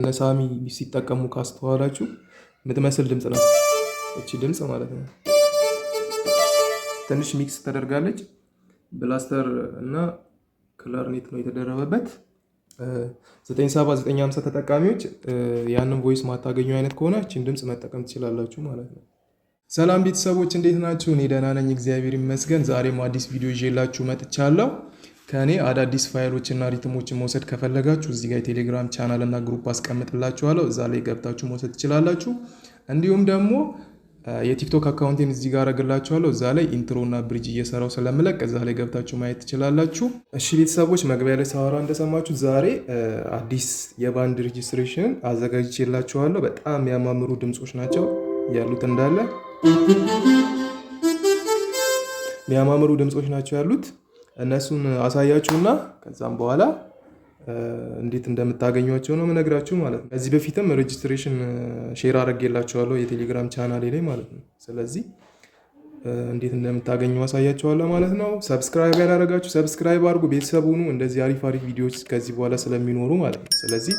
እነ ሳሚ ሲጠቀሙ ካስተዋላችሁ የምትመስል ድምፅ ነው። እቺ ድምፅ ማለት ነው። ትንሽ ሚክስ ተደርጋለች። ብላስተር እና ክላርኔት ነው የተደረበበት። 97950 ተጠቃሚዎች ያንን ቮይስ ማታገኙ አይነት ከሆነ እችን ድምፅ መጠቀም ትችላላችሁ ማለት ነው። ሰላም ቤተሰቦች እንዴት ናችሁ? እኔ ደህና ነኝ፣ እግዚአብሔር ይመስገን። ዛሬም አዲስ ቪዲዮ ይዤላችሁ መጥቻለሁ። ከእኔ አዳዲስ ፋይሎችና ሪትሞችን መውሰድ ከፈለጋችሁ እዚህ ጋር የቴሌግራም ቻናል እና ግሩፕ አስቀምጥላችኋለሁ። እዛ ላይ ገብታችሁ መውሰድ ትችላላችሁ። እንዲሁም ደግሞ የቲክቶክ አካውንቴን እዚህ ጋር አረግላችኋለሁ። እዛ ላይ ኢንትሮ እና ብሪጅ እየሰራው ስለምለቅ እዛ ላይ ገብታችሁ ማየት ትችላላችሁ። እሺ ቤተሰቦች፣ መግቢያ ላይ ሳወራ እንደሰማችሁ ዛሬ አዲስ የባንድ ሬጅስትሬሽን አዘጋጅቼላችኋለሁ። በጣም የሚያማምሩ ድምፆች ናቸው ያሉት እንዳለ የሚያማምሩ ድምፆች ናቸው ያሉት እነሱን አሳያችሁና ከዛም በኋላ እንዴት እንደምታገኟቸው ነው መነግራችሁ ማለት ነው። ከዚህ በፊትም ሬጅስትሬሽን ሼር አድርጌላችኋለሁ የቴሌግራም ቻናሌ ላይ ማለት ነው። ስለዚህ እንዴት እንደምታገኙ አሳያችኋለሁ ማለት ነው። ሰብስክራይብ ያላረጋችሁ ሰብስክራይብ አድርጉ፣ ቤተሰብ ሁኑ። እንደዚህ አሪፍ አሪፍ ቪዲዮዎች ከዚህ በኋላ ስለሚኖሩ ማለት ነው። ስለዚህ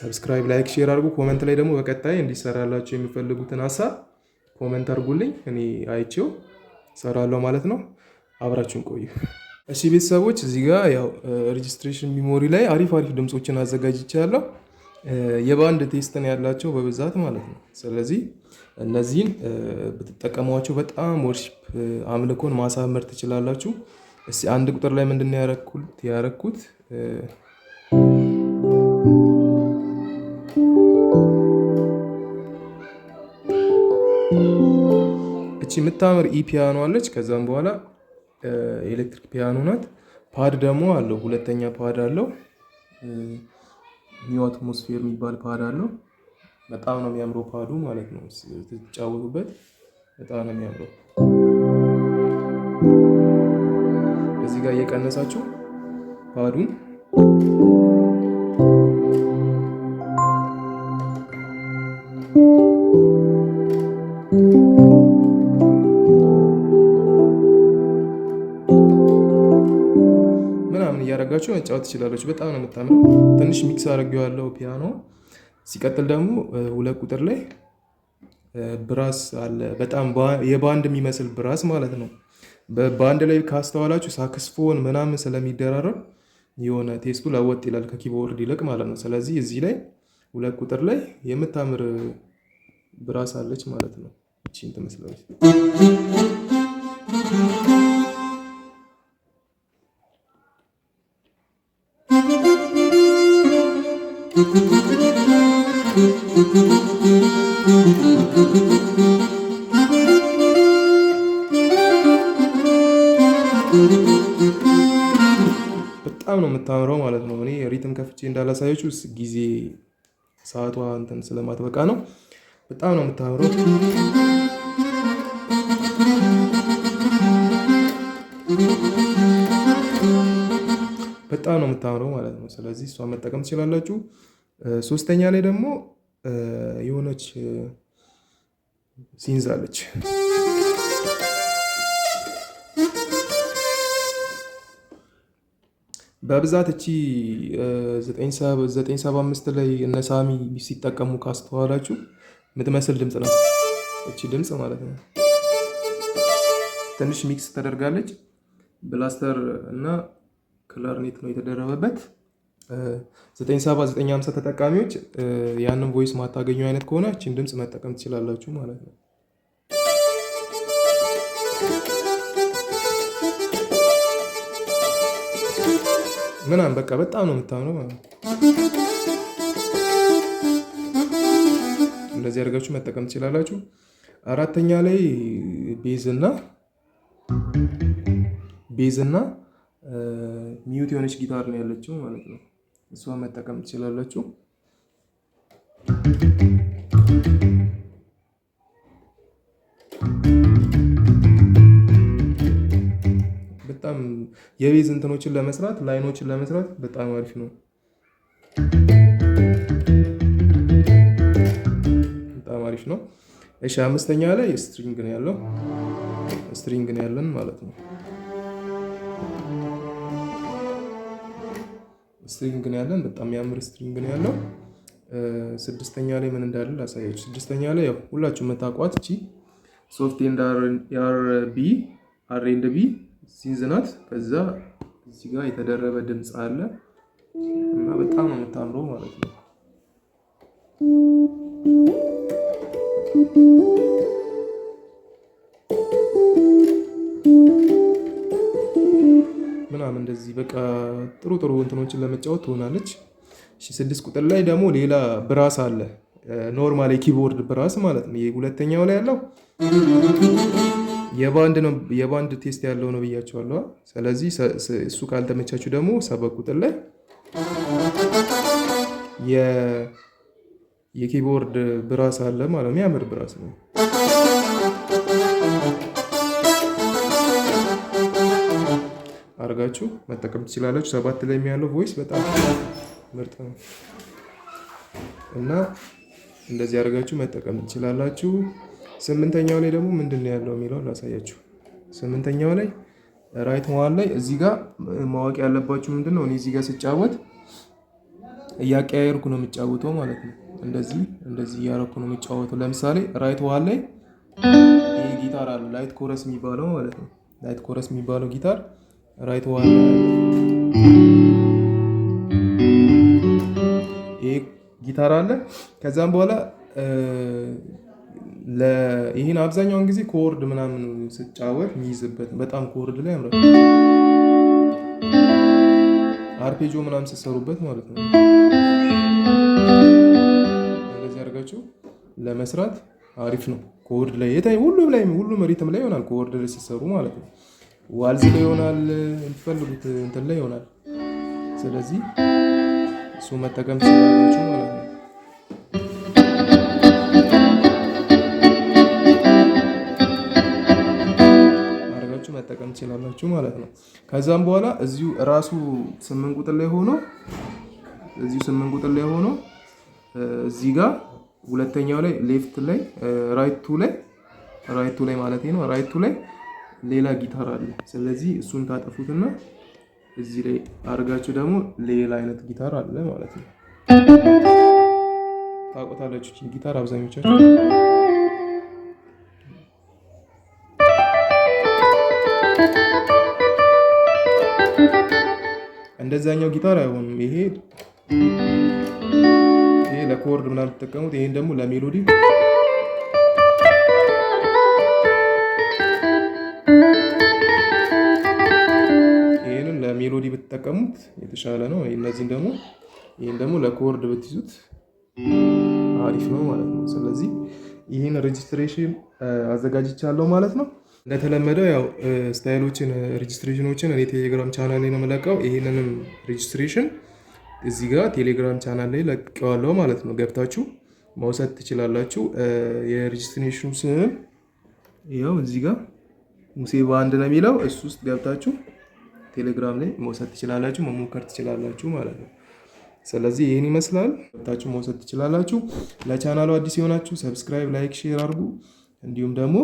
ሰብስክራይብ፣ ላይክ፣ ሼር አድርጉ። ኮመንት ላይ ደግሞ በቀጣይ እንዲሰራላቸው የሚፈልጉትን ሀሳብ ኮመንት አድርጉልኝ። እኔ አይቼው ሰራለሁ ማለት ነው። አብራችሁን ቆዩ። እሺ ቤተሰቦች እዚህ ጋር ያው ሬጅስትሬሽን ሚሞሪ ላይ አሪፍ አሪፍ ድምፆችን አዘጋጅቻለሁ። የባንድ ቴስት ነው ያላቸው በብዛት ማለት ነው። ስለዚህ እነዚህን ብትጠቀሟቸው በጣም ወርሺፕ አምልኮን ማሳመር ትችላላችሁ። እሺ አንድ ቁጥር ላይ ምንድን ያረኩት ያረኩት እቺ የምታምር ኢፒያኖ አለች። ከዛም በኋላ ኤሌክትሪክ ፒያኖ ናት። ፓድ ደግሞ አለው፣ ሁለተኛ ፓድ አለው። ኒው አትሞስፌር የሚባል ፓድ አለው። በጣም ነው የሚያምረው ፓዱ ማለት ነው። ስትጫወቱበት በጣም ነው የሚያምረው። እዚህ ጋር እየቀነሳችሁ ፓዱን እያደረጋችሁ መጫወት ትችላለች። በጣም ነው የምታምረው። ትንሽ ሚክስ አድርጌዋለሁ ፒያኖ። ሲቀጥል ደግሞ ሁለት ቁጥር ላይ ብራስ አለ። በጣም የባንድ የሚመስል ብራስ ማለት ነው። በባንድ ላይ ካስተዋላችሁ ሳክስፎን ምናምን ስለሚደራረብ የሆነ ቴስቱ ለወጥ ይላል ከኪቦርድ ይልቅ ማለት ነው። ስለዚህ እዚህ ላይ ሁለት ቁጥር ላይ የምታምር ብራስ አለች ማለት ነው። እቺን ትመስላለች። በጣም ነው የምታምረው ማለት ነው። እኔ ሪትም ከፍቼ እንዳላሳየች ውስጥ ጊዜ ሰዓቷ እንትን ስለማትበቃ ነው። በጣም ነው የምታምረው። በጣም ነው የምታምረው ማለት ነው። ስለዚህ እሷን መጠቀም ትችላላችሁ። ሶስተኛ ላይ ደግሞ የሆነች ሲንዛለች በብዛት እቺ 975 ላይ እነ ሳሚ ሲጠቀሙ ካስተዋላችሁ የምትመስል ድምፅ ነው እቺ ድምፅ ማለት ነው። ትንሽ ሚክስ ተደርጋለች። ብላስተር እና ክላርኔት ነው የተደረበበት። 97950 ተጠቃሚዎች ያንን ቮይስ ማታገኙ አይነት ከሆነ እችን ድምፅ መጠቀም ትችላላችሁ ማለት ነው። ምናምን በቃ በጣም ነው የምታምነው ማለት ነው። እንደዚህ አድርጋችሁ መጠቀም ትችላላችሁ። አራተኛ ላይ ቤዝና ቤዝና ሚዩት የሆነች ጊታር ነው ያለችው ማለት ነው። እሷን መጠቀም ትችላላችሁ። በጣም የቤዝ እንትኖችን ለመስራት ላይኖችን ለመስራት በጣም አሪፍ ነው። በጣም አሪፍ ነው። እሺ አምስተኛ ላይ ስትሪንግ ነው ያለው። ስትሪንግ ነው ያለን ማለት ነው። ስትሪንግ ነው ያለን። በጣም የሚያምር ስትሪንግ ነው ያለው። ስድስተኛ ላይ ምን እንዳለ ላሳያችሁ። ስድስተኛ ላይ ያው ሁላችሁ መታቋት እቺ ሶፍት ኤንድ አር ቢ አር ኤንድ ቢ ሲንዝናት። ከዛ እዚህ ጋር የተደረበ ድምፅ አለ እና በጣም ነው የምታምረው ማለት ነው። ምናምን እንደዚህ በቃ ጥሩ ጥሩ እንትኖችን ለመጫወት ትሆናለች። ስድስት ቁጥር ላይ ደግሞ ሌላ ብራስ አለ። ኖርማል የኪቦርድ ብራስ ማለት ነው። ሁለተኛው ላይ ያለው የባንድ ቴስት ያለው ነው ብያቸዋለሁ። ስለዚህ እሱ ካልተመቻችሁ ደግሞ ሰበ ቁጥር ላይ የኪቦርድ ብራስ አለ ማለት ነው። የሚያምር ብራስ ነው። አድርጋችሁ መጠቀም ትችላላችሁ። ሰባት ላይ ያለው ቮይስ በጣም ምርጥ ነው እና እንደዚህ አድርጋችሁ መጠቀም ትችላላችሁ። ስምንተኛው ላይ ደግሞ ምንድን ነው ያለው የሚለውን ላሳያችሁ። ስምንተኛው ላይ ራይት ዋን ላይ እዚህ ጋር ማወቅ ያለባችሁ ምንድን ነው፣ እኔ እዚህ ጋር ስጫወት እያቀያየርኩ ነው የምጫወተው ማለት ነው። እንደዚህ እንደዚህ እያረኩ ነው የምጫወተው። ለምሳሌ ራይት ዋን ላይ ይህ ጊታር አለ ላይት ኮረስ የሚባለው ማለት ነው። ላይት ኮረስ የሚባለው ጊታር ራይት ዋን ይሄ ጊታር አለ። ከዛም በኋላ ይህን አብዛኛውን ጊዜ ኮርድ ምናምን ስጫወት የሚይዝበት በጣም ኮርድ ላይ ያምራል። አርፔጆ ምናምን ስትሰሩበት ማለት ነው። እንደዚህ አድርጋችሁ ለመስራት አሪፍ ነው። ኮርድ ላይ ሁሉም ላይ ሁሉም ሪትም ላይ ይሆናል። ኮርድ ላይ ሲሰሩ ማለት ነው። ዋልዝ ላይ ይሆናል፣ የምትፈልጉት እንትን ላይ ይሆናል። ስለዚህ እሱ መጠቀም ትችላላችሁ ማለት ነው። አድርጋችሁ መጠቀም ትችላላችሁ ማለት ነው። ከዛም በኋላ እዚሁ ራሱ ስምንት ቁጥር ላይ ሆኖ እዚሁ ስምንት ቁጥር ላይ ሆኖ እዚህ ጋር ሁለተኛው ላይ ሌፍት ላይ ራይቱ ላይ ራይቱ ላይ ማለት ነው ራይቱ ላይ ሌላ ጊታር አለ። ስለዚህ እሱን ታጠፉትና እዚህ ላይ አድርጋችሁ ደግሞ ሌላ አይነት ጊታር አለ ማለት ነው። ታቆታላችሁ ጊታር አብዛኞቻችሁ እንደዛኛው ጊታር አይሆንም። ይሄ ይሄ ለኮርድ ምናምን ተጠቀሙት። ይሄን ደግሞ ለሜሎዲ ለሜሎዲ ብትጠቀሙት የተሻለ ነው። እነዚህን ደግሞ ይህን ደግሞ ለኮርድ ብትይዙት አሪፍ ነው ማለት ነው። ስለዚህ ይህን ሬጅስትሬሽን አዘጋጅቻለሁ ማለት ነው። እንደተለመደው ያው ስታይሎችን ሬጅስትሬሽኖችን እኔ ቴሌግራም ቻናል ላይ ነው የምለቀው። ይህንንም ሬጅስትሬሽን እዚህ ጋር ቴሌግራም ቻናል ላይ ለቀዋለሁ ማለት ነው። ገብታችሁ መውሰድ ትችላላችሁ። የሬጅስትሬሽኑ ስም ያው እዚህ ጋር ሙሴ በአንድ ነው የሚለው እሱ ውስጥ ገብታችሁ ቴሌግራም ላይ መውሰድ ትችላላችሁ፣ መሞከር ትችላላችሁ ማለት ነው። ስለዚህ ይህን ይመስላል። ወታችሁ መውሰድ ትችላላችሁ። ለቻናሉ አዲስ የሆናችሁ ሰብስክራይብ፣ ላይክ፣ ሼር አድርጉ። እንዲሁም ደግሞ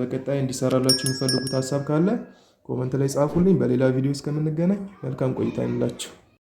በቀጣይ እንዲሰራላችሁ የሚፈልጉት ሀሳብ ካለ ኮመንት ላይ ጻፉልኝ። በሌላ ቪዲዮ እስከምንገናኝ መልካም ቆይታ ይሁንላችሁ።